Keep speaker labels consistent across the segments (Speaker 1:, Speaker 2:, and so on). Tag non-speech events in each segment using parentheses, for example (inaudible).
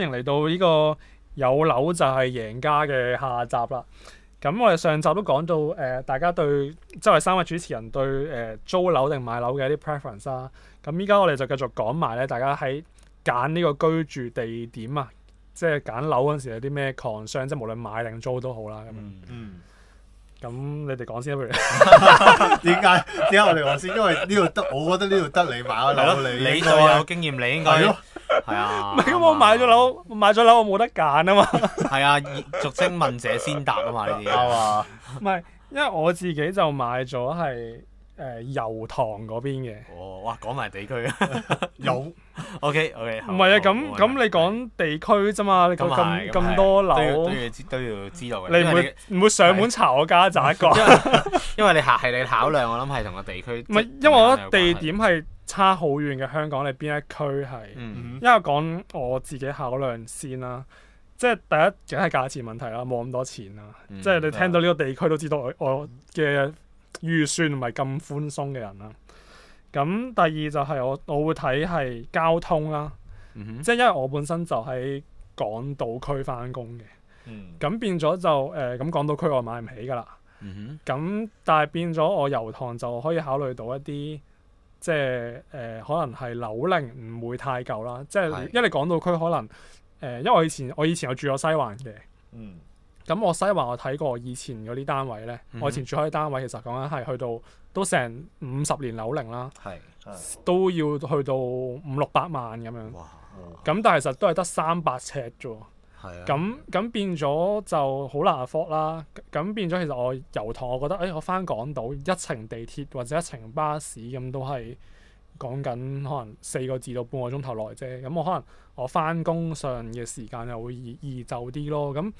Speaker 1: 歡迎嚟到呢個有樓就係贏家嘅下集啦。咁我哋上集都講到，誒、呃、大家對即係三位主持人對誒、呃、租樓定買樓嘅一啲 preference 啦、啊。咁依家我哋就繼續講埋咧，大家喺揀呢個居住地點啊，即係揀樓嗰陣時有啲咩 concern，即係無論買定租都好啦。咁樣。嗯。嗯咁你哋講先啦，點解？點解我哋話先？為 (laughs) (laughs) 因為呢度得，我覺得呢度得你買咗樓，對你你最有經驗，對你應該係 (laughs) 啊。唔係咁，我買咗樓， (laughs) 買咗樓，我冇得揀啊嘛。係 (laughs) 啊，俗稱問者先答啊嘛，你哋啊唔係，因為我自己就買咗係。誒油塘嗰邊嘅哦，哇講埋地區啊，有 OK OK，唔係啊，咁咁你講地區啫嘛，你咁咁多樓都要知道嘅，你唔會唔會上門查我家宅因
Speaker 2: 因為你考係你考量，我諗係同個地區唔係，因為我覺得地
Speaker 1: 點係差好遠嘅香港，你邊一區係？因為講我自己考量先啦，即係第一，第一係價錢問題啦，冇咁多錢啦，即係你聽到呢個地區都知道我嘅。預算唔係咁寬鬆嘅人啦。咁第二就係我我會睇係交通啦，嗯、哼即係因為我本身就喺港島區翻工嘅。咁、嗯、變咗就誒咁、呃、港島區我買唔起噶啦。咁、嗯、哼但係變咗我油塘就可以考慮到一啲即係誒、呃、可能係樓齡唔會太舊啦。是即係因為港島區可能誒、呃，因為我以前我以前有住過西環嘅。嗯。咁我西環，我睇過以前嗰啲單位咧，嗯、哼我以前住開啲單位，其實講緊係去到都成五十年樓齡啦，係都要去到五六百萬咁樣哇。哇！咁但係其實都係得三百尺啫，係啊的。咁咁變咗就好難 afford 啦。咁變咗，其實我油塘，我覺得誒、哎，我翻港島一程地鐵或者一程巴士咁，都係講緊可能四個字到半個鐘頭內啫。咁我可能我翻工上嘅時間又會易就啲咯。咁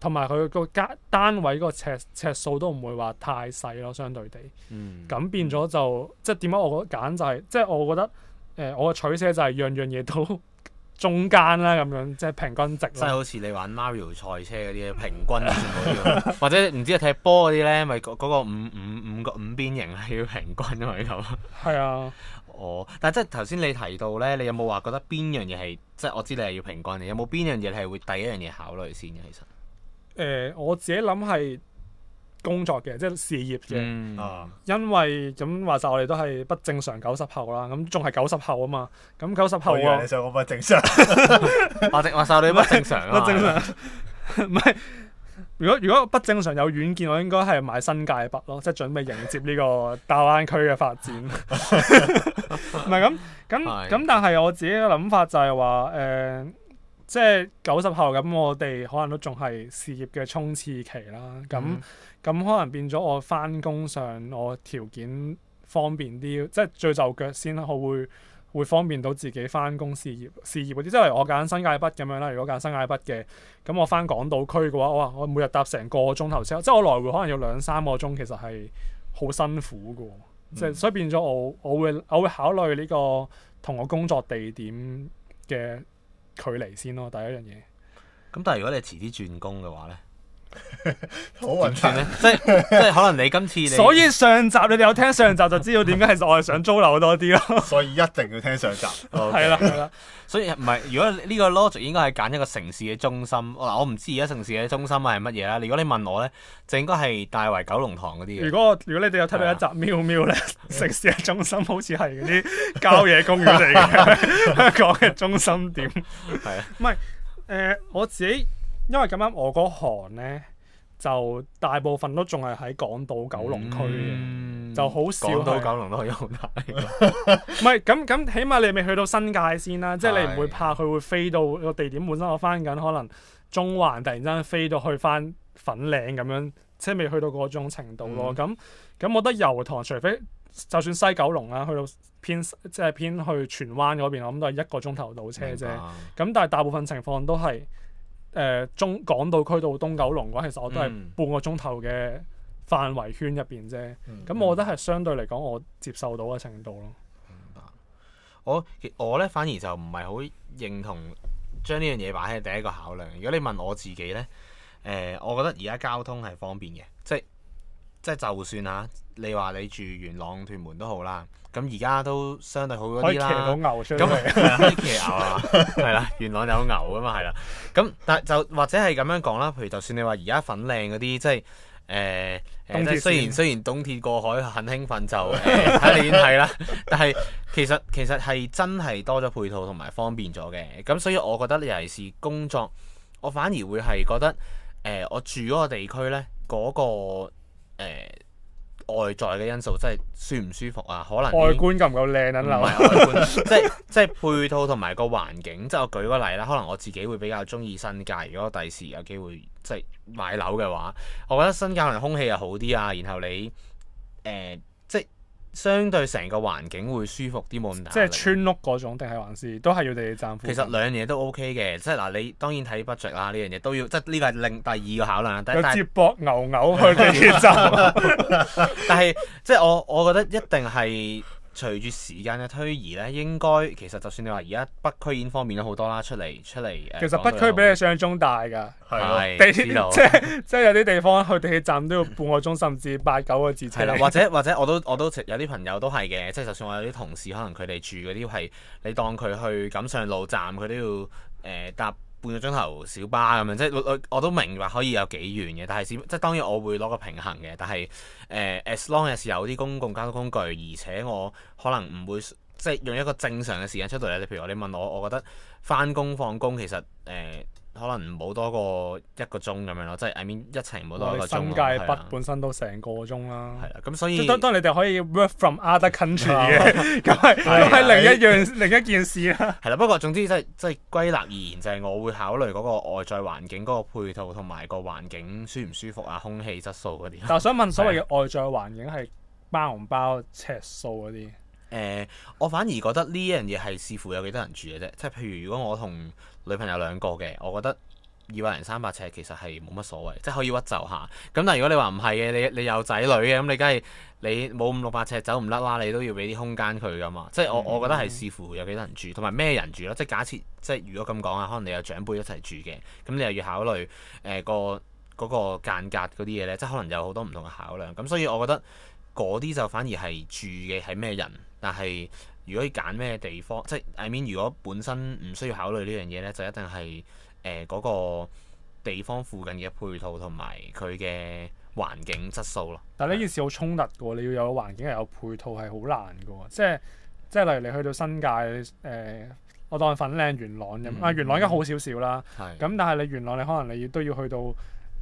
Speaker 1: 同埋佢個間單位個尺尺數都唔會話太細咯，相對地。嗯。咁變咗就即係點解我覺得揀就係、是、即係我覺得誒、呃，我取捨就係樣樣嘢都中間啦咁樣，即係平均值。即係好似
Speaker 2: 你玩 Mario 賽車嗰啲，平均 (laughs) 或者唔知係踢波嗰啲咧，咪嗰、嗰個五五五個五邊形係要平均咪咁。係啊。哦，但係即係頭先你提到咧，你有冇話覺得邊樣嘢係即係我知你係要平均嘅，有冇邊樣嘢係會第一樣嘢考慮先嘅其實？
Speaker 1: 誒、呃，我自己諗係工作嘅，即係事業嘅。啊、嗯，因為咁話晒我哋都係不正常九十後啦。咁仲係九十後啊嘛。咁九十後啊，其實我唔正常？話直話晒你乜正常不正常。唔 (laughs) 係，如果如果不正常有遠見，我應該係買新界北咯，即係準備迎接呢個大灣區嘅發展。唔係咁，咁咁，但係我自己嘅諗法就係話，誒、呃。即係九十後咁，我哋可能都仲係事業嘅衝刺期啦。咁咁、嗯、可能變咗我翻工上，我條件方便啲，即係最就腳先，啦。我會會方便到自己翻工事業事業嗰啲。即係我揀新界北咁樣啦。如果揀新界北嘅，咁我翻港島區嘅話，哇！我每日搭成個鐘頭車，即係我來回可能要兩三個鐘，其實係好辛苦嘅。嗯、即係所以變咗我，我會我會考慮呢、呢個同我工作地點嘅。距離先咯，第一樣嘢。
Speaker 2: 咁但係如果你係遲啲轉工嘅話咧？
Speaker 1: 好運算咧，即係即係可能你今次你，所以上集你哋有聽上集就知道點解，其實我係想租樓多啲咯。所以一定要聽上集，係啦係啦。
Speaker 2: 所以唔係，如果呢個 logic 應該係揀一個城市嘅中心。嗱，我唔知而家城市嘅中心係乜嘢啦。如果你問我咧，就應該係大圍九龍塘嗰啲。
Speaker 1: 如果如果你哋有睇到一集喵喵咧，啊、城市嘅中心好似係啲郊野公園嚟嘅，香港嘅中心點係啊？唔係誒，我自己。因為咁樣我嗰行咧，就大部分都仲係喺港島九龍區嘅，嗯、就好少港島九龍去油塘，唔係咁，咁，起碼你未去到新界先啦、啊，是即係你唔會怕佢會飛到個地點本身我翻緊可能中環突然間飛到去翻粉嶺咁樣，即係未去到嗰種程度咯。咁、咁、嗯、我覺得油塘除非就算西九龍啦、啊，去到偏即係偏去荃灣嗰邊，我諗都係一個鐘頭到車啫。咁白、嗯、但係大部分情況都係。誒、呃、中港島區到東九龍嘅其實我都係半個鐘頭嘅範圍圈入邊啫。咁、嗯、我覺得係相對嚟講，我接受到嘅程度咯、嗯。
Speaker 2: 我我咧反而就唔係好認同將呢樣嘢擺喺第一個考量。如果你問我自己咧，誒、呃，我覺得而家交通係方便嘅，即係。即係就算嚇，你話你住元朗屯門都好啦，咁而家都相對好咗啲啦。可以騎到牛出嚟，咁啊，騎牛啊，係啦， (laughs) 元朗有牛噶嘛，係啦。咁但係就或者係咁樣講啦，譬如就算你話而家粉嶺嗰啲，即係誒，即、呃、係天雖然雖然東鐵過海很興奮，就睇你年係啦，但係其實其實係真係多咗配套同埋方便咗嘅。咁所以我覺得尤其是工作，我反而會係覺得誒、呃，我住嗰個地區咧，嗰、那個。誒、呃、外在嘅因素真係舒唔舒服啊？可能外觀夠唔夠靚啊？樓即係即係配套同埋個環境。即係我舉個例啦，可能我自己會比較中意新界。如果第時有機會即係買樓嘅話，我覺得新界可能空氣又好啲啊。然後你誒、呃相對成個環境會舒服啲冇咁大壓力？
Speaker 1: 即係村屋嗰種定係還是都係要地鐵站？其實
Speaker 2: 兩樣嘢都 OK 嘅，即係嗱，你當然睇 budget 啦，呢樣嘢都要，即係呢、這個係另第二個考量。但有接駁牛牛去地鐵站， (laughs) (laughs) 但係即係我我覺得一定係。隨住時間嘅推移咧，應該其實就算你話而家北區已經方便咗好多啦，出嚟出嚟誒。呃、其實北區、呃、比
Speaker 1: 你上中大㗎，係咯的，地鐵即係即係有啲地方去地鐵站都要半個鐘， (laughs) 甚至八九個字。係啦，或者
Speaker 2: 或者我都我都有啲朋友都係嘅，即、就、係、是、就算我有啲同事可能佢哋住嗰啲係你當佢去錦上路站，佢都要誒、呃、搭。半個鐘頭小巴咁樣，即係我都明白可以有幾遠嘅，但係即係當然我會攞個平衡嘅。但係誒、呃、as long as 有啲公共交通工具，而且我可能唔會即係用一個正常嘅時間出到嚟。你譬如話你問我，我覺得返工放工其實誒。呃可能唔好多過一個鐘咁樣咯，即係 I mean 一程唔好多一個鐘。我新界、啊、北
Speaker 1: 本身都成個鐘啦、啊。係啦、啊，咁所以當當你哋可以 work from other country 嘅、 (laughs) 啊，咁係、啊、另一樣 (laughs) 另一件事啦、
Speaker 2: 啊。係啦、啊，不過總之即係即係歸納而言，就係、是、我會考慮嗰個外在環境、嗰個配套同埋個環境舒唔舒服啊、空氣質素啲。但係
Speaker 1: 想問所謂嘅外在環境係包唔包尺數啲？誒、呃，我反而覺得呢一
Speaker 2: 樣嘢係視乎有幾多人住嘅啫。即係譬如如果我同女朋友兩個嘅，我覺得二百零三百尺其實係冇乜所謂，即係可以屈就下。咁但係如果你話唔係嘅，你你有仔女嘅，咁你梗係你冇五六百尺走唔甩啦，你都要俾啲空間佢噶嘛。即係我我覺得係視乎有幾多人住，同埋咩人住咯。即係假設即係如果咁講啊，可能你有長輩一齊住嘅，咁你又要考慮誒個嗰個間隔嗰啲嘢咧，即係可能有好多唔同嘅考量。咁所以我覺得嗰啲就反而係住嘅係咩人，但係。如果揀咩地方，即係 I mean，如果本身唔需要考慮呢樣嘢咧，就一定係誒嗰個地方附近嘅配套同埋佢嘅環境質素咯。
Speaker 1: 但係呢件事好衝突嘅喎，你要有環境係有配套係好難嘅喎，即係即係例如你去到新界誒、呃，我當粉嶺元朗咁啊，元朗而家、嗯、好少少啦，咁是但係你元朗你可能你亦都要去到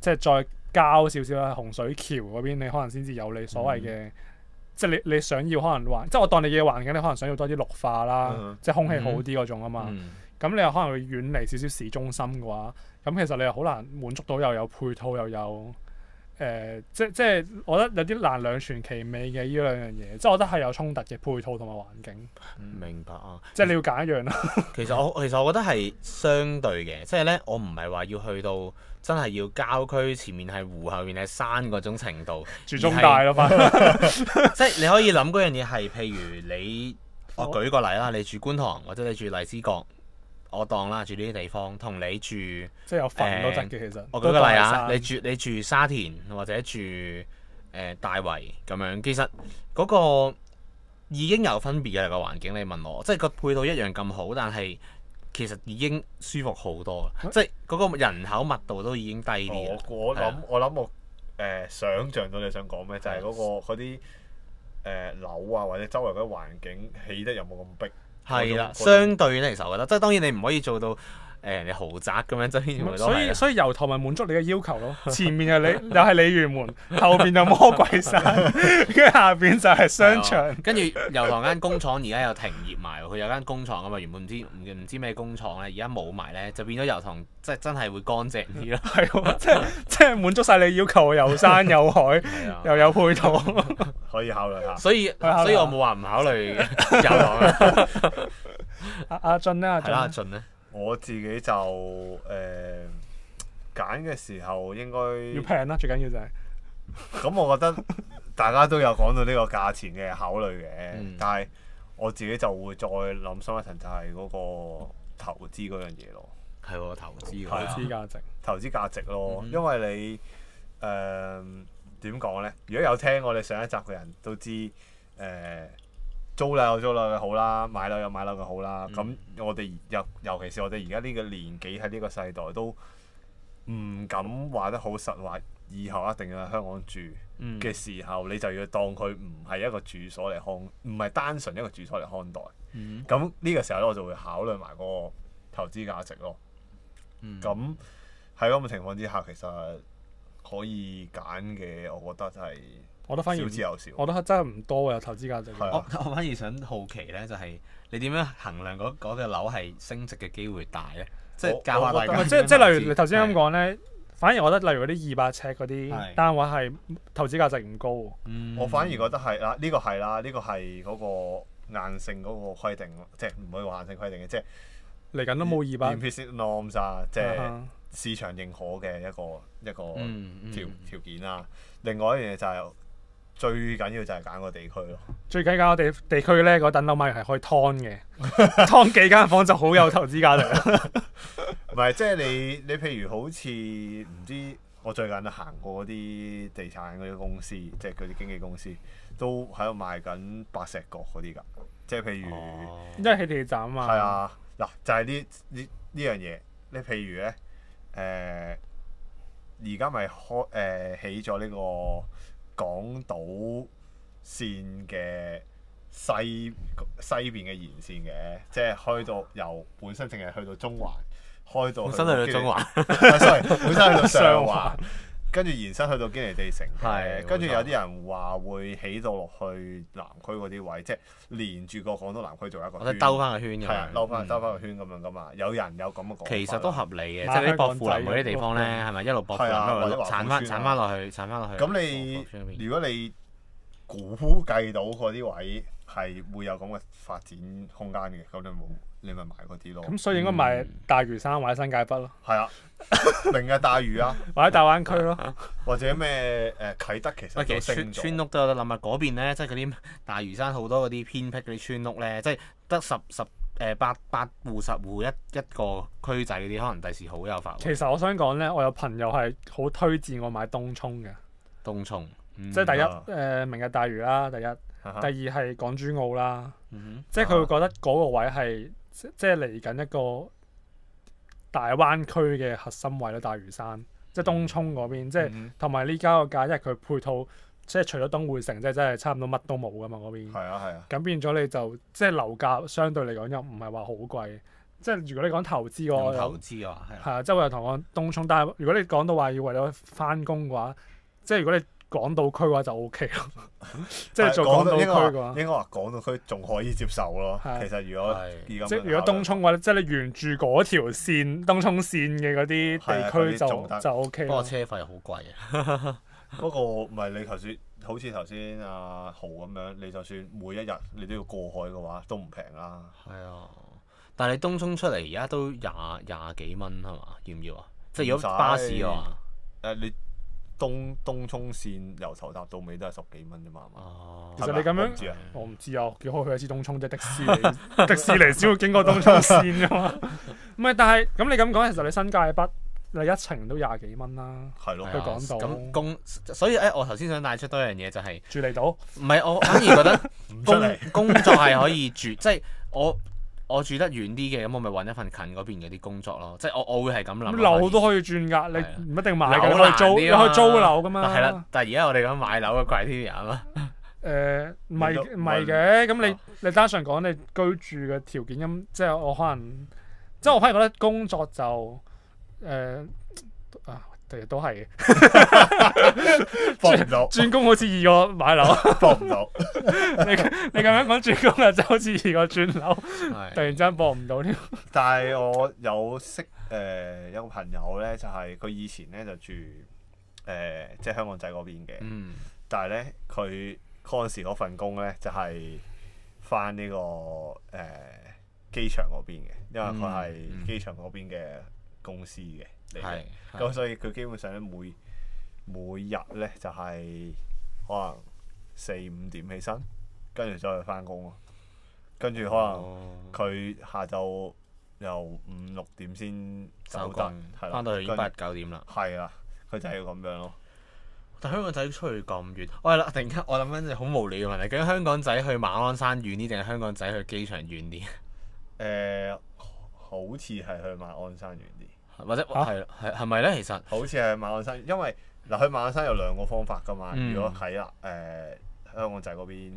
Speaker 1: 即係再郊少少啊，洪水橋嗰邊你可能先至有你所謂嘅。嗯。即係你你想要可能環，即係我當你嘅環境，你可能想要多啲綠化啦，uh huh. 即係空氣好啲嗰種啊嘛。咁、uh huh. 你又可能會遠離少少市中心嘅話，咁其實你又好難滿足到又有，有配套又有，有。誒、呃，即即係我覺得有啲難兩全其美嘅呢兩樣嘢，即係我覺得係有衝突嘅配套同埋環境。明白啊，即係你要揀一樣啦。
Speaker 2: 其實我其實我覺得係相對嘅，即係呢，我唔係話要去到真係要郊區前面係湖、後面係山嗰種程度。住中大咯，翻。即係你可以諗嗰樣嘢係，譬如你我舉個例啦，你住觀塘或者你住荔枝角。我當啦，住呢啲地方，同你住即係有分多陣嘅。其實我舉個例啊，你,你住你住沙田或者住誒、呃、大圍咁樣，其實嗰個已經有分別嘅個環境。你問我，即、就、係、是、個配套一樣咁好，但係其實已經舒服好多，嗯、即係嗰個人口密度都已經低啲。我是、啊、我諗
Speaker 3: 我諗我誒想像到你想講咩，就係、是、嗰、那個嗰啲誒樓啊，或者周圍嗰啲環境起得有冇咁逼？係啦，相
Speaker 2: 對咧，其實我覺得，即係當然你唔可以做到。人哋豪宅咁樣側邊，所以所
Speaker 1: 以油塘咪滿足你嘅要求咯。前面又你又係鯉魚門，後邊就魔鬼山，跟住下邊就係商場。
Speaker 2: 跟住油塘間工廠，而家又停業埋。佢有間工廠啊嘛，原本唔知唔知咩工廠咧，而家冇埋咧，就變咗油塘，即係真係會乾淨啲咯。係
Speaker 1: 即係即係滿足晒你要求，有山有海，又有配套，可以考慮下。所以所以我冇話唔
Speaker 2: 考慮
Speaker 3: 嘅油塘。阿阿俊咧，阿俊咧。我自己就誒揀嘅時候應該要平
Speaker 1: 啦，最緊要就係。咁我
Speaker 3: 覺得大家都有講到呢個價錢嘅考慮嘅，嗯、但係我自己就會再諗深一層，就係嗰個投資嗰樣嘢咯。係投資，投資價值，投資價值咯，嗯嗯，因為你誒點講呢？如果有聽我哋上一集嘅人都知誒。呃租樓有租樓嘅好啦，買樓有買樓嘅好啦。咁、嗯、我哋尤尤其是我哋而家呢個年紀喺呢個世代都唔敢話得好實話，以後一定要喺香港住嘅時候，嗯、你就要當佢唔係一個住所嚟看，唔係單純一個住所嚟看待。咁呢、嗯、個時候咧，我就會考慮埋嗰個投資價值咯。
Speaker 1: 咁
Speaker 3: 喺咁嘅情況之下，其實可以揀嘅，我覺得係。我都反而，
Speaker 1: 我都係真係唔多喎，投資價值。我我
Speaker 2: 反而想好奇咧，就係你點樣衡量嗰嗰隻樓係升值嘅機會大咧？即係即係例如你
Speaker 1: 頭先咁講咧，反而我覺得例如嗰啲二百尺嗰啲單位係投資價值唔高。嗯，我反而覺得係啦，
Speaker 3: 呢個係啦，呢個係嗰個硬性嗰個規定，即係唔可以話硬性規定嘅，即係嚟緊都冇二百。implicit norm，即係市場認可嘅一個一個條條件啦。另外一樣嘢就係。最緊要就係揀個地區咯。
Speaker 1: 最緊要，個地地區咧，嗰等樓買係可以劏嘅，劏 (laughs) 幾間房就好有投資價值。唔係， (laughs) (laughs) 即係你
Speaker 3: 你譬如好似唔知我最近都行過嗰啲地產啲公司，即係嗰啲經紀公司，都喺度賣緊白石角嗰啲㗎。即係譬如，因
Speaker 1: 為喺地鐵站啊嘛。係啊，
Speaker 3: 嗱就係呢呢呢樣嘢。你譬如咧，誒而家咪開誒起咗呢個港島線嘅西西邊嘅延線嘅，即係開到由本身淨係去到中環，開到去本身係去到中環，sorry， (laughs) 本身係去到上環。跟住延伸去到堅尼地城，跟住有啲人話會起到落去南區嗰啲位，即係連住個廣東南區做一個。我哋兜翻個圈㗎嘛，翻兜翻個圈咁樣㗎嘛，有人有咁嘅講。其實都合理嘅，即係啲薄扶林啲地方咧，係咪一路薄扶林一產翻產翻落去，產翻落去。咁你如果你估計到嗰啲位係會有咁嘅發展空間嘅，咁就冇。你咪買嗰啲咯。咁所以應該買
Speaker 1: 大嶼山或者新界北咯。
Speaker 3: 係啊，明日大嶼啊，或者
Speaker 1: 大灣區咯，
Speaker 3: 或者咩誒啟德其實都升咗。其實村屋
Speaker 2: 都有得諗啊！嗰邊咧，即係嗰啲大嶼山好多嗰啲偏僻嗰啲村屋咧，即係得十十誒八八戶十戶一一個區仔嗰啲，可能第時好有發。其實
Speaker 1: 我想講咧，我有朋友係好推薦我買東涌嘅
Speaker 2: 東涌，即係第
Speaker 1: 一誒明日大嶼啦，第一，第二係港珠澳啦，即係佢會覺得嗰個位係。即係嚟緊一個大灣區嘅核心位咯，大嶼山即係東涌嗰邊，即係同埋呢家個價，因為佢配套即係除咗東薈城，即係真係差唔多乜都冇噶嘛嗰邊。係啊係啊。咁、啊、變咗你就即係樓價相對嚟講又唔係話好貴，即係如果你講投資嘅、嗯、投
Speaker 2: 資話啊，係啊，
Speaker 1: 即係我又同我東涌，但係如果你講到話要為咗翻工嘅話，即係如果你。港島區嘅話就 O K 咯，即係做港島區嘅話 (laughs) 應，應
Speaker 3: 該話港島區仲可以接受咯。啊、其實如果、啊、即如果
Speaker 1: 東涌嘅話，即係你沿住嗰條線東涌線嘅嗰啲地區就、啊、就 O K。不過車
Speaker 3: 費好貴啊。不過唔係你頭先好似頭先阿豪咁樣，你就算每一日你都要過海嘅話，都唔平啦。係啊，
Speaker 2: 但係你東涌出嚟而家都廿廿幾蚊係嘛？要唔要啊？即係如果
Speaker 3: 巴士嘅話、呃，你。東東涌線由頭搭到尾都係十幾蚊啫嘛，啊、
Speaker 1: 其實你咁樣我唔知啊，我唔知啊，幾開去一次東涌啫，迪士尼迪 (laughs) 士尼先會經過東涌線噶嘛，唔 (laughs) 係，但係咁你咁講，其實你新界北你一程都廿幾蚊啦，係咯的，佢講到工，所以誒，我頭先想帶出多樣嘢就係、是、住離島，
Speaker 2: 唔係我反而覺得工工作係可以住，即、就、係、是、我，我住得遠啲嘅，咁我咪搵一份近嗰邊嘅啲工作咯。即係我我會係咁諗。樓都可
Speaker 1: 以轉噶，的你唔一定買。樓啊、你可以租，你可以租樓噶嘛。係啦，
Speaker 2: 但係而家我哋咁買樓嘅貴啲啊，係 (laughs) 嘛、呃？誒，唔
Speaker 1: 係唔係嘅。咁、嗯、你、嗯、你單純講你居住嘅條件咁，即、就、係、是、我可能，即係、嗯、我可能覺得工作就誒。呃其實都係嘅，博唔到。轉工好似易過買樓，博唔到。你你咁樣講轉工啊，就好似易過轉樓，是突然間博唔到呢？
Speaker 3: (laughs) 但係我有識誒、呃，有一個朋友咧，就係、是、佢以前咧就住誒、即、呃、係、就是、香港仔嗰邊嘅。嗯、但係咧，佢嗰陣時嗰份工咧，就係返呢個誒機、呃、場嗰邊嘅，因為佢係機場嗰邊嘅公司嘅。嗯嗯係，咁所以佢基本上咧每的每日咧就係、是、可能四五點起身，跟住再翻工的就咯。跟住可能佢下晝由五六點先走，翻到去已經八九點啦。係啊，佢就係要咁樣咯。但香港仔出去咁遠，我係啦，突然間我
Speaker 2: 諗緊好無聊嘅問題，究竟香港仔去馬鞍山遠啲，定係香港仔去機場遠啲？誒、
Speaker 3: 呃，好似係去馬鞍山遠啲。
Speaker 2: 或者係係係咪咧？其
Speaker 3: 實好似係馬鞍山，因為嗱去馬鞍山有兩個方法噶嘛。如果喺誒香港仔嗰邊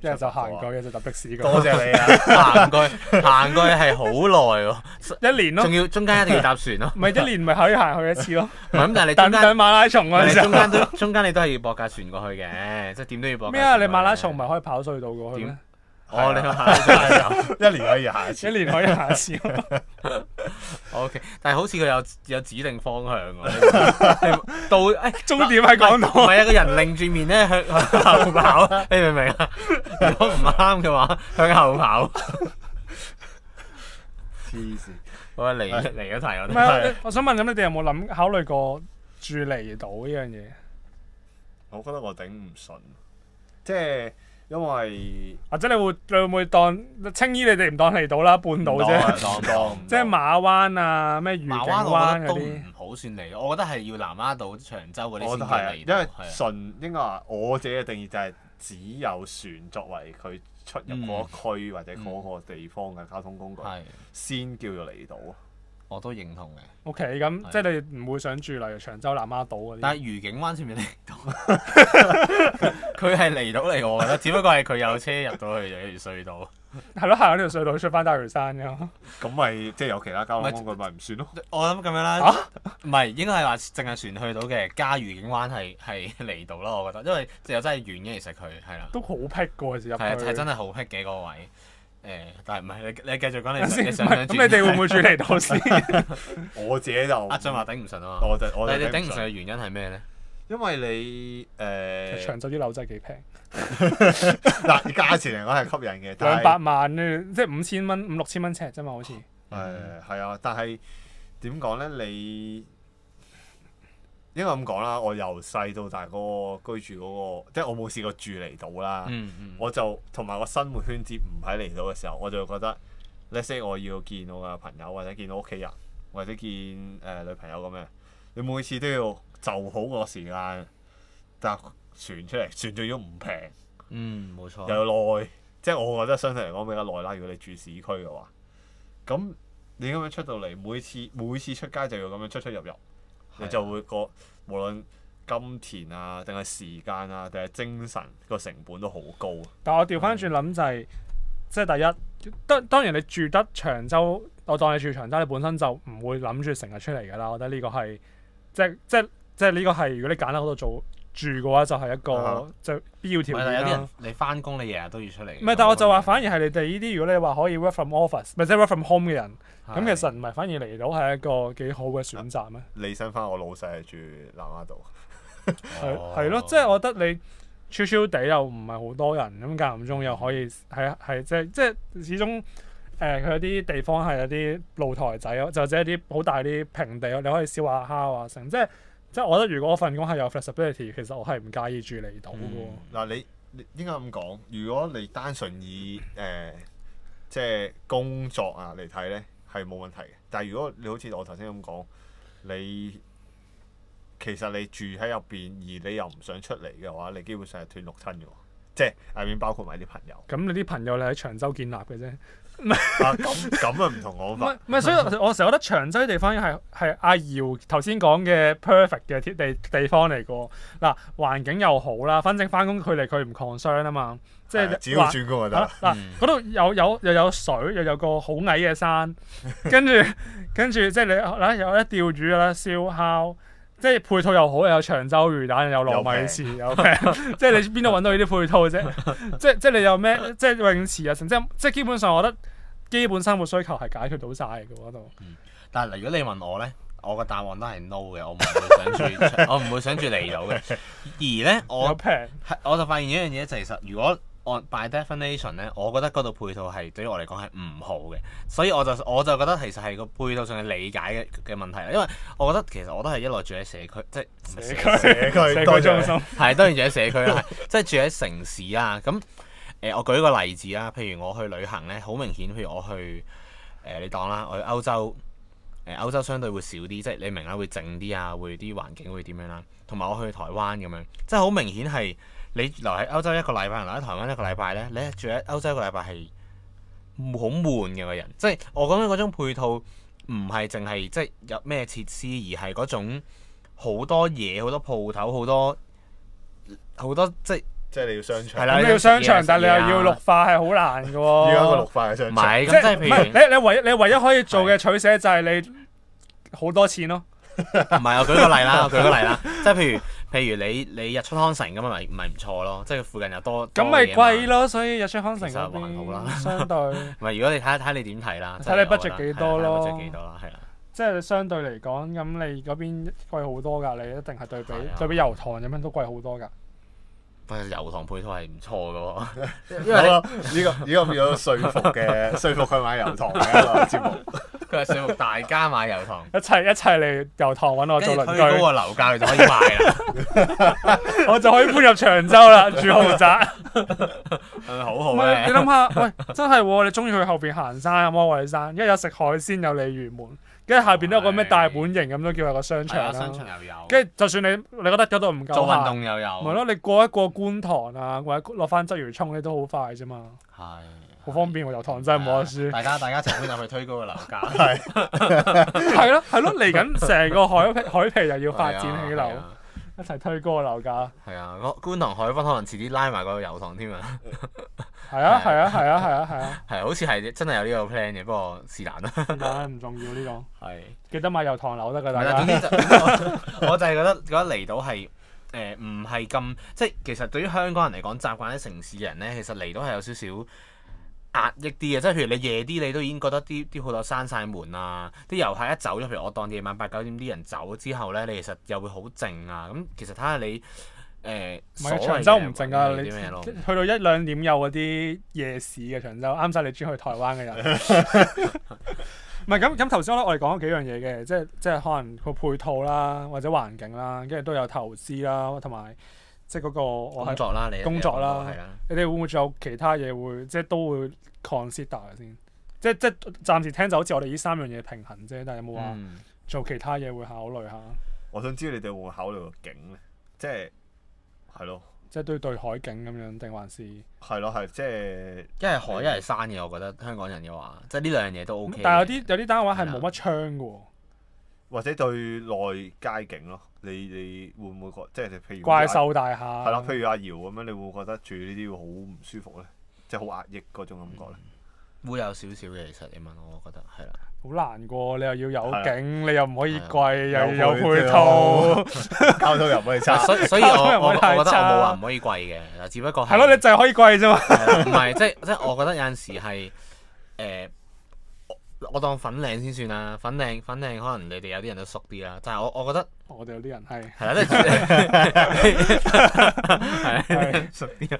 Speaker 3: 誒，一就行過去，一就搭的士過去。多謝你啊！行過去，行過去係好
Speaker 2: 耐喎，一年咯。仲要中間一定要搭船咯。唔係一年
Speaker 1: 咪可以行去一次咯？咁，但係你中間馬拉松嗰陣時，中間都
Speaker 2: 中間你都係要駁架船過去嘅，即係點都要駁。咩啊？你
Speaker 1: 馬拉松唔係可以跑隧道過去咩？哦，你下一年可以下一次，一年可以下一次。
Speaker 2: O K，但係好似佢有有指定方向㗎，到誒終點
Speaker 1: 係廣東，係啊，個人
Speaker 2: 擰住面咧向後跑，你明唔明啊？如果唔啱嘅話，向後跑。
Speaker 3: 黐線，我嚟嚟咗題我。唔
Speaker 1: 我想問咁，你哋有冇諗考慮過住離島呢樣嘢？
Speaker 3: 我覺得我頂唔順，
Speaker 1: 即係。因為或者、啊、你會你會唔會當青衣，你哋唔當離島啦，半島啫，多 (laughs) 即係馬灣啊咩？灣馬灣灣嗰啲唔
Speaker 2: 好
Speaker 3: 算離島，我覺得係要南丫島、長洲嗰啲先係離島。我都係啊，因為船應該話我自己嘅定義就係只有船作為佢出入嗰區或者嗰個地方嘅交通工具、嗯嗯、先叫做離島。我都認同嘅。
Speaker 1: O K，咁即係你唔會想住，例如長洲南丫島嗰啲。但係愉景灣算唔算離島啊？佢
Speaker 2: 係離島嚟，我覺得，只不過係佢有車入到去就一 (laughs) 條隧道。
Speaker 1: 係咯，行緊呢條隧道出翻大嶼山嘅。
Speaker 2: 咁咪即係有其他交通工具咪唔算咯？
Speaker 1: 我諗咁樣啦。嚇、啊？
Speaker 2: 唔係，應該係話淨係船去到嘅，加愉景灣係係離島咯，我覺得，因為有真係遠嘅，其實佢係啦。
Speaker 1: 都好僻嘅喎，入去。去真係好
Speaker 2: 僻嘅，嗰個位。誒、嗯，但係唔係你？你繼續講你先。咁你哋、嗯、會唔會處理到先？ (laughs) 我自己就阿俊話頂唔順啊嘛。我我你你頂唔順嘅原因係咩咧？
Speaker 1: 因為你誒、呃、長洲啲樓真係幾平。嗱， (laughs) 價錢嚟講係吸引嘅， (laughs) 但兩百萬咧， (laughs) 即係五千蚊、五六千蚊尺啫嘛，好似
Speaker 3: 係係啊，但係點講咧？你因為咁講啦，我由細到大嗰個居住嗰、嗰個，即係我冇試過住離島啦。嗯嗯、我就同埋個生活圈子唔喺離島嘅時候，我就覺得，Let's say 我要見我嘅朋友或者見我屋企人或者見誒、呃、女朋友咁樣，你每次都要就好個時間搭船出嚟，船仲要唔平。嗯，冇錯。又耐，即係我覺得相對嚟講比較耐啦。如果你住市區嘅話，咁你咁樣出到嚟，每次每次出街就要咁樣出出入入。你就會覺，無論金錢啊，定係時間啊，定係精神個成本都好高。
Speaker 1: 但我調翻轉諗就係、是，嗯、即係第一，當當然你住得長洲，我當你住長洲，你本身就唔會諗住成日出嚟㗎啦。我覺得呢個係，即係即係即係呢個係，如果你揀喺嗰度做。住嘅話就係一個最、啊、必要條件啦、啊啊。你翻工你日日都要出嚟。唔係，但我就話，反而係你哋呢啲，如果你話可以 work from office，或者 work from home 嘅人，咁是其實唔係反而嚟到係一個幾好嘅選擇咩、啊？
Speaker 3: 你想翻我老細住南丫島？
Speaker 1: 係係咯，即係 (laughs) 我覺得你悄悄地又唔係好多人，咁間唔中又可以喺喺、就是、即係即係始終誒，佢、呃、有啲地方係有啲露台仔，或者一啲好大啲平地，你可以燒下烤啊，啊 assim,，成即係。 (noise) 即係我覺得，如果我份工係有 flexibility，其實我係唔介意住離島嘅。
Speaker 3: 嗱、嗯，你你應該咁講，如果你單純以誒、呃、即係工作啊嚟睇咧，係冇問題嘅。但係如果你好似我頭先咁講，你其實你住喺入邊，而你又唔想出嚟嘅話，你基本上係斷六親嘅，即係入面包括埋啲朋友。
Speaker 1: 咁你啲朋友你喺長洲建立嘅啫。
Speaker 3: 唔係咁咁啊，唔同我唔係。 (laughs) (laughs) 所以我
Speaker 1: 成日覺得長洲地方係係阿耀頭先講嘅 perfect 嘅地地方嚟個。嗱，環境又好啦，反正翻工距離佢唔 concern 啊嘛，即係只要轉工就得。嗱，嗰度有有又有，有水，又有個好矮嘅山，跟住 (laughs) 跟住即係你啦，有得釣魚啦燒烤。即係配套又好，又有長洲魚蛋，又有糯米餈，有平。 (laughs) (laughs) 即係你邊度揾到呢啲配套啫？即係即係你有咩？即係泳池啊，成即即係基本上，我覺得基本生活需求係解決到晒嘅嗰度。嗯，但係如果你問我咧，我個答案都係
Speaker 2: no 嘅，我唔會想住，我唔會想住嚟到嘅。而咧便，我係我就發現一樣嘢，就係其實如果。by definition 咧，我覺得嗰度配套係對於我嚟講係唔好嘅，所以我就我就覺得其實係個配套上嘅理解嘅嘅問題啦。因為我覺得其實我都係一路住喺社區，即係社區社區中心，當然住喺社區啦，即係、 (laughs) 就是、住喺城市啊。咁誒、呃，我舉個例子啦，譬如我去旅行咧，好明顯，譬如我去誒、呃、你當啦，我去歐洲誒、呃、歐洲相對會少啲，即係你明啦，會靜啲啊，會啲環境會點樣啦，同埋我去台灣咁樣，即係好明顯係。你留喺歐洲一個禮拜，留喺台灣一個禮拜咧，你住喺歐洲一個禮拜係好悶嘅個人，即係我講緊嗰種配套是是，唔係淨係即係有咩設施，而係嗰種好多嘢、好多鋪頭、好多好多即
Speaker 3: 係即係你要商場，嗯、對你要商場，商場但係你又要綠
Speaker 1: 化係好難嘅喎、哦， (laughs) 要一個綠化嘅商場，即係譬如你你唯一你唯一可以做嘅取捨就係你好多錢咯。
Speaker 2: 唔 (laughs) 係，我舉個例啦，我舉個例啦，即係譬如。譬如你你日出康城咁咪咪唔錯咯，即係附近又多，咁咪貴咯，所以日出康城其實還好啦，相對。唔係，如果你睇一睇你點睇啦，睇你 budget 幾多咯，budget 幾 (music) 多啦，
Speaker 1: 係啦。即係你相對嚟講，咁你嗰邊貴好多㗎，你一定係對比、啊、對比油塘咁樣都貴好多㗎。
Speaker 2: 油塘配套係唔錯嘅喎，好啦，呢個呢個變咗説服嘅，説服佢買油塘嘅一個節目，佢
Speaker 1: 係説服大家買油塘，一齊一齊嚟油塘揾我做鄰居，高個樓價佢就可以賣啦，我就可以搬入長洲啦，住豪宅，好好咧，你諗下，喂，真係，你中意去後邊行山啊，魔鬼山，一有食海鮮有嚟鯉魚門，跟住下邊都有個咩大本營咁都叫係個商場啦。商場又有。跟住就算你，你覺得嗰度唔夠，做運動又有。咪咯，你過一過觀塘啊，或者落翻鰂魚涌咧都好快啫嘛。係。好方便喎，由塘西冇得輸。大家大家一齊加入去推高個樓價。係。係咯係咯，嚟緊成個海皮海皮又要發展起樓。一齊推高個樓價。
Speaker 2: 係啊，觀塘海濱可能遲啲拉埋個油塘添 (laughs) 啊。係啊，
Speaker 1: 係啊，係啊，係啊，係啊。
Speaker 2: 係、啊、好似係真係有呢個 plan 嘅，不過 (laughs) 是但、啊、啦。唔重要呢個。係、
Speaker 1: 這個。是記得買油塘樓得㗎，大家。
Speaker 2: 我就係覺得覺得嚟到係誒唔係咁，呃、 (laughs) 即係其實對於香港人嚟講，習慣喺城市嘅人咧，其實嚟到係有少少。壓抑啲啊！即係譬如你夜啲，你都已經覺得啲啲鋪頭閂晒門啊！啲遊客一走咗，譬如我當夜晚八九點啲人走咗之後咧，你其實又會好靜啊！咁其實睇下你誒、呃，長洲唔靜啊！你
Speaker 1: 去到一兩點有嗰啲夜市嘅長洲，啱晒你中意去台灣嘅人。唔係咁咁，頭先我哋講咗幾樣嘢嘅，即係即係可能個配套啦，或者環境啦，跟住都有投資啦，同埋。即係嗰個工作啦，你工作啦，你哋會唔會仲有其他嘢會即係都會 consider 先？即係即係暫時聽就好似我哋呢三樣嘢平衡啫，但係有冇話、嗯、做其他嘢會考慮下？
Speaker 3: 我想知你哋會唔會考慮個景咧？即係係咯，
Speaker 1: 即係對對海
Speaker 3: 景咁樣定還是係咯係，即係一係海一係山嘅。我覺得香港人嘅話，即係呢兩樣嘢都 OK。但係有啲
Speaker 1: 有啲單位係冇乜窗嘅喎。
Speaker 3: 或者對內街景咯，你你會唔會覺即係譬如怪獸大廈？係啦，譬如阿姚咁樣，你會唔會覺得住呢啲會好唔舒服咧，即係好壓抑嗰種感覺咧。會有少少嘅，其實你問我，我覺得係
Speaker 1: 啦。好難過，你又要有景，你又唔可以貴，又有配套，交通又唔可以差。所所以，我我覺得我冇話唔可以貴
Speaker 2: 嘅，只不過係咯，你就係可以貴啫嘛。唔係即即我覺得有陣時係誒。我當粉嶺先算啦、啊，粉嶺粉嶺可能你哋有啲人都熟啲啦，但係我我覺得我哋有啲人係係啦，即係熟啲即係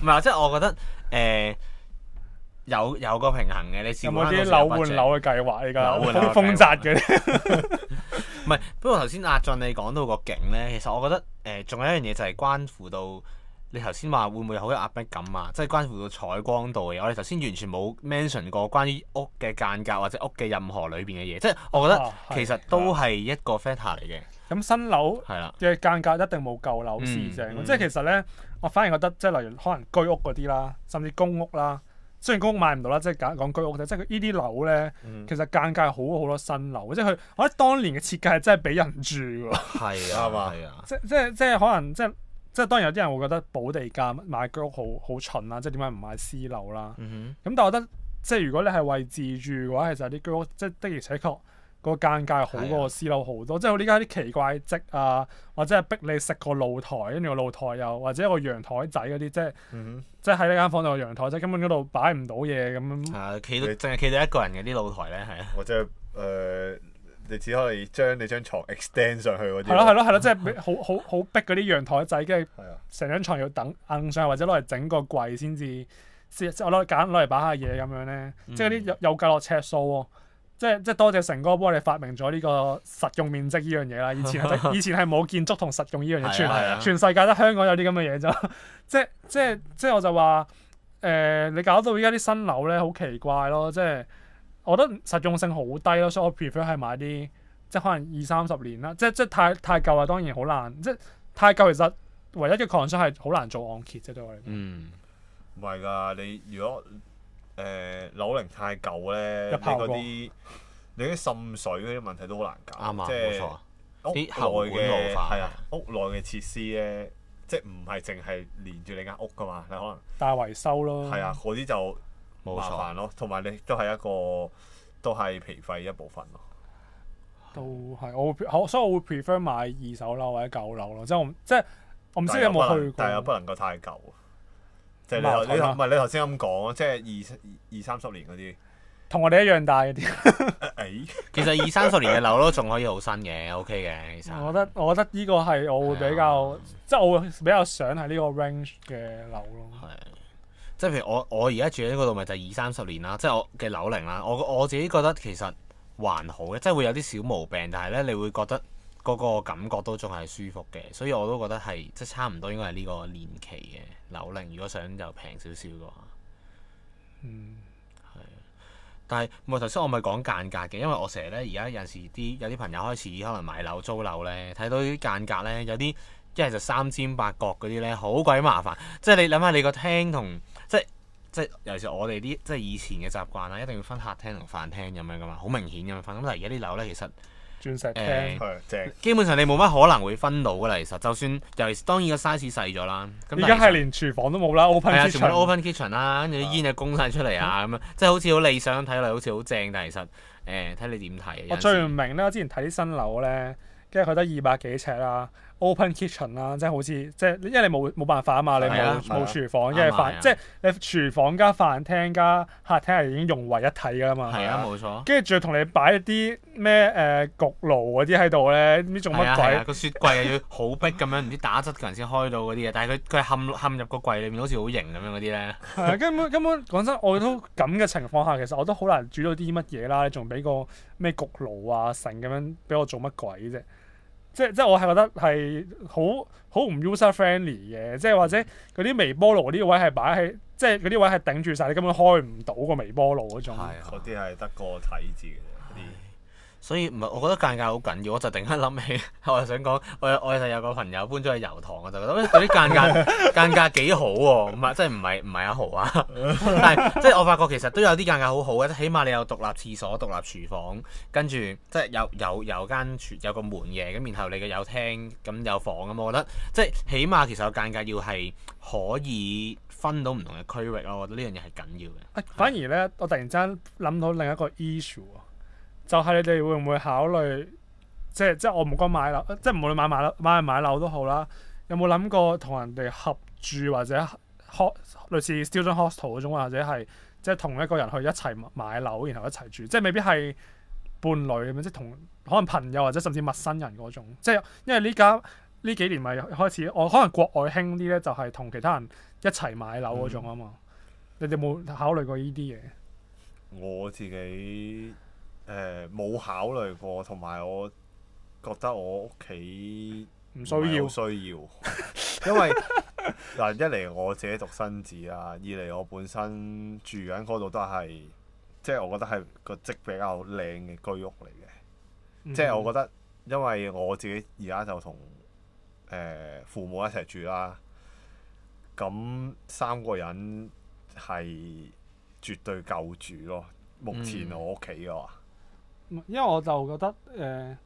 Speaker 2: 唔係啊？即係我覺得誒有有個平衡嘅，你接唔翻有冇啲樓換樓嘅計劃依家？封殺
Speaker 1: 嘅？唔 (laughs) 係， (laughs) 不過
Speaker 2: 頭先阿俊你講到個景咧，其實我覺得誒，仲、呃、有一樣嘢就係關乎到。你頭先話會唔會有好多壓迫感啊？即係關乎到採光度嘅。我哋頭先完全冇 mention 過關於屋嘅間隔或者屋嘅任何裏邊嘅嘢。即係我覺得其實都係一個 factor 嚟
Speaker 1: 嘅。咁、啊啊、新樓嘅間隔一定冇舊樓四正。嗯、即係其實咧，我反而覺得即係例如可能居屋嗰啲啦，甚至公屋啦，雖然公屋買唔到啦，即係講講居屋。即係呢啲樓咧，其實間隔係好好多新樓，即係佢我覺得當年嘅設計係真係俾人住㗎。係啊嘛，係、嗯嗯、啊。啊 (laughs) 即即即係可能即係。即即係當然有啲人會覺得補地價買居屋好好蠢啦，即係點解唔買私樓啦？咁、嗯、哼但係我覺得，即係如果你係為自住嘅話，其實啲居屋即係的而且確個間隔好過私樓好多。嗯、哼即係依家啲奇怪積啊，或者係逼你食個露台，跟住個露台又或者一個陽台仔嗰啲，即係、嗯、哼即係喺呢間房度個陽台，即係根本嗰度擺唔到嘢咁。係，企淨係
Speaker 3: 企到一個人嘅啲露台咧，係啊，或者誒。呃你只可以將你張床 extend 上去嗰啲，係咯係咯係咯， (noise) 即係好
Speaker 1: 好好逼嗰啲陽台仔，跟住成張床要等硬上去，或者攞嚟整個櫃先至，先即係攞嚟攞嚟擺下嘢咁樣咧。即係嗰啲有又計落尺數喎、哦。即係即係多謝成哥幫我哋發明咗呢個實用面積呢樣嘢啦。以前 (laughs) 以前係冇建築同實用呢樣嘢出嚟，全世界得香港有啲咁嘅嘢啫。即係即係即係我就話誒、呃，你搞到而家啲新樓咧好奇怪咯，即係。我覺得實用性好低咯，所以我 prefer 係買啲即係可能二三十年啦，即係即係太太舊啦，當然好難，即係太舊其實唯一嘅 concern 係好難做按揭，啫。係對我嚟講。嗯，
Speaker 3: 唔係㗎，你如果誒樓齡太舊咧，你嗰啲你啲滲水嗰啲問題都好難搞。啱啊，冇錯。屋內嘅係啊，屋內嘅設施咧，即係唔係淨係連住你間屋㗎嘛？你可能
Speaker 1: 大維修咯，係啊，嗰
Speaker 3: 啲就。冇沒煩咯，同埋你都係一個都係皮費一部分咯。
Speaker 1: 都係，我會所以我會 prefer 買二手樓或者舊樓咯，即係我即係我唔知你有冇去過但我。過但係又不
Speaker 3: 能夠太舊。
Speaker 1: 即上你頭你唔
Speaker 3: 係你頭先咁講，即係二二三十年嗰啲，
Speaker 1: 同我哋一樣大嗰啲。
Speaker 3: 哎，
Speaker 2: 其實二三十年嘅樓都仲可以好新嘅，OK 嘅。其實
Speaker 1: 我覺得我覺得呢個係我會比較，嗯、即係我會比較想喺呢個 range 嘅樓咯。係。
Speaker 2: 即係譬如我我而家住喺嗰度，咪就二三十年啦。即係我嘅樓齡啦。我我自己覺得其實還好嘅，即係會有啲小毛病，但係咧你會覺得嗰個感覺都仲係舒服嘅。所以我都覺得係即係差唔多，應該係呢個年期嘅樓齡。如果想就平少少嘅話，嗯，係啊。但係我頭先我咪講間隔嘅，因為我成日咧而家有時啲有啲朋友開始可能買樓租樓咧，睇到啲間隔咧有啲一係就三尖八角嗰啲咧，好鬼麻煩。即係你諗下，你個廳同即係即係，尤其是我哋啲即係以前嘅習慣啦，一定要分客廳同飯廳咁樣噶嘛，好明顯咁樣分。咁但係而家啲樓咧，其實鑽石廳係、呃嗯、正，基本上你冇乜可能會分到噶啦。其實就算尤其是當然個 size 細咗啦，而家係連
Speaker 1: 廚房都冇啦、就是，open open
Speaker 2: kitchen 啦，跟住啲煙又供晒出嚟啊，咁、嗯、樣即係好似好理想咁睇嚟，好似好正，但係、呃、最其實誒睇你點睇。我最唔
Speaker 1: 明咧，我之前睇啲新樓咧，跟住佢得二百幾尺啦。open kitchen 啦，即係好似即係，因為你冇冇辦法啊嘛，你冇冇對廚房，因為對飯對即係你廚房加飯廳加客廳係已經融為一體噶啦嘛。係啊對，冇吧錯。跟住仲要同你擺一啲咩誒焗爐嗰啲喺度咧，唔知做乜鬼。 (laughs) 個
Speaker 2: 雪櫃要好逼咁樣，唔知打側個人先開到嗰啲嘢。但係佢佢係嵌嵌入個櫃裏面，好似好型咁樣嗰啲咧。
Speaker 1: 根本根本講真，我都咁嘅情況下，其實我都好難煮到啲乜嘢啦。你仲俾個咩焗爐啊神咁樣俾我做乜鬼啫？即係即係，我係覺得係好好唔 user friendly 嘅，即係或者嗰啲微波爐嗰啲位係擺喺，即係嗰啲位係頂住晒，你根本開唔到個微波爐嗰種，係啊，
Speaker 3: 啲係得個睇字嘅。
Speaker 2: 所以唔係，我覺得間隔好緊要，我就突然間諗起，我就想講，我我就有個朋友搬咗去油塘，我就覺得嗰啲、欸、間隔間隔幾好喎、啊，唔係即係唔係唔係一毫啊，但係即係我發覺其實都有啲間隔好好嘅，即係起碼你有獨立廁所、獨立廚房，跟住即係有有有，有間廚有個門嘅，咁然後你嘅有廳咁有房咁、嗯，我覺得即係起碼其實個間隔要係可以分到唔同嘅區域咯，我覺得呢樣嘢係緊要嘅。
Speaker 1: 反而呢，是我突然之間諗到另一個就係你哋會唔會考慮，即係即係我唔講買樓，即係無論買樓買樓買唔買樓都好啦，有冇諗過同人哋合住或者 host 類似 student hostel 嗰種，或者係即係同一個人去一齊買樓，然後一齊住，即係未必係伴侶咁樣，即係同可能朋友或者甚至陌生人嗰種，即係因為呢家呢幾年咪開始，我可能國外興啲咧，就係同其他人一齊買樓嗰種啊嘛，嗯、你哋冇考慮過呢啲嘢？
Speaker 3: 我自己。誒冇、呃、考慮過，同埋我覺得我屋企唔需要，需要。因為但 (laughs) 一嚟我自己獨生子啦，二嚟我本身住緊嗰度都係，即、就、係、是、我覺得係個積比較靚嘅居屋嚟嘅。即係、嗯、我覺得，因為我自己而家就同誒、呃、父母一齊住啦，咁三個人係絕對夠住咯。目前我屋企嘅話。嗯
Speaker 1: 因為我就覺得誒、呃，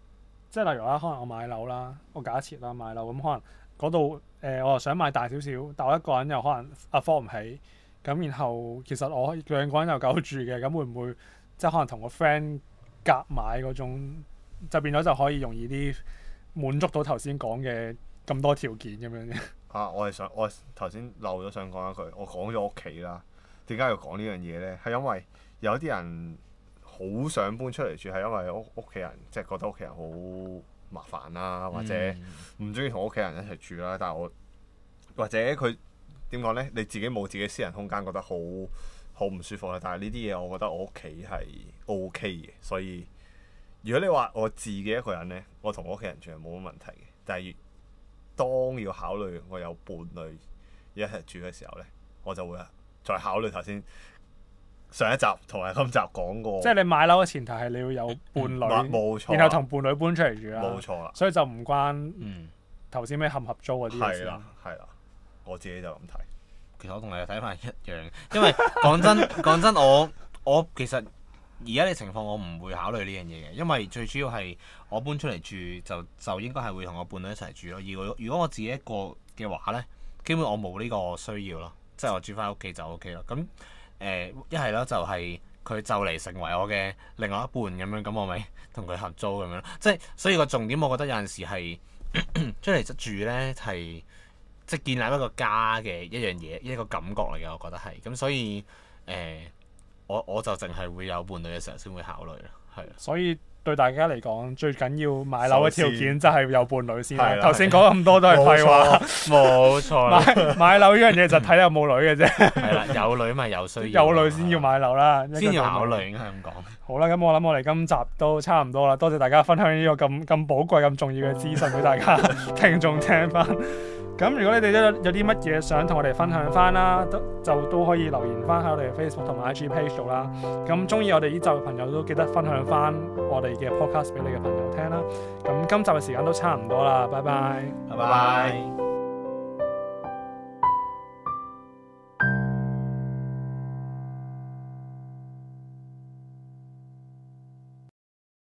Speaker 1: 即係例如啦，可能我買樓啦，我假設啦買樓咁，可能嗰度誒，我又想買大少少，但我一個人又可能 afford 唔起，咁然後其實我兩個人又夠住嘅，咁會唔會即係可能同個 friend 夾買嗰種，就變咗就可以容易啲滿足到頭先講嘅咁多條件咁樣嘅，
Speaker 3: 啊，我係想我頭先漏咗想講一句，我講咗屋企啦，點解要講呢樣嘢咧？係因為有啲人。好想搬出嚟住，係因為屋屋企人即係、就是、覺得屋企人好麻煩啦，或者唔中意同屋企人一齊住啦。但係我或者佢點講呢？你自己冇自己私人空間，覺得好好唔舒服啦。但係呢啲嘢，我覺得我屋企係 O K 嘅。所以如果你話我自己一個人呢，我同屋企人住係冇乜問題嘅。但係當要考慮我有伴侶一齊住嘅時候呢，我就會再考慮頭先。上一集同埋今集講過，即係你
Speaker 1: 買樓嘅前提係你要有伴侶，嗯啊、然後同伴侶搬出嚟住啦。冇錯啦、啊，所以就唔關頭先咩合唔合租嗰啲事啦。
Speaker 3: 係啦、啊啊，我自己就咁睇。
Speaker 2: 其實我同你嘅睇法一樣，因為講真講 (laughs) 真，我我其實而家嘅情況我唔會考慮呢樣嘢嘅，因為最主要係我搬出嚟住就就應該係會同我伴侶一齊住咯。如果如果我自己一個嘅話呢，基本我冇呢個需要咯，即係我住翻屋企就 O K 啦。咁誒一係咯，就係佢就嚟成為我嘅另外一半咁樣，咁我咪同佢合租咁樣咯。即係所以個重點，我覺得有陣時係 (coughs) 出嚟住呢，係即係建立一個家嘅一樣嘢，一個感覺嚟嘅。我覺得係咁，所以誒、呃、我我就淨係會有伴侶嘅時候先會考慮咯，係。
Speaker 1: 所以。對大家嚟講，最緊要買樓嘅條件就係有伴侶先。頭先講咁多都係廢話。冇錯，買買樓呢樣嘢就睇你有冇女嘅啫。係啦，有女咪有需要。有女先要買樓啦。先考慮香港應該咁講。好啦，咁我諗我哋今集都差唔多啦。多謝大家分享呢個咁咁寶貴、咁重要嘅資訊俾大家聽眾聽翻。咁如果你哋都有啲乜嘢想同我哋分享翻啦，都就都可以留言翻喺我哋 Facebook 同埋 IG page 度啦。咁中意我哋呢集嘅朋友都記得分享翻我哋嘅 podcast 俾你嘅朋友聽啦。咁今集嘅時間都差唔多啦，拜拜，嗯、拜拜。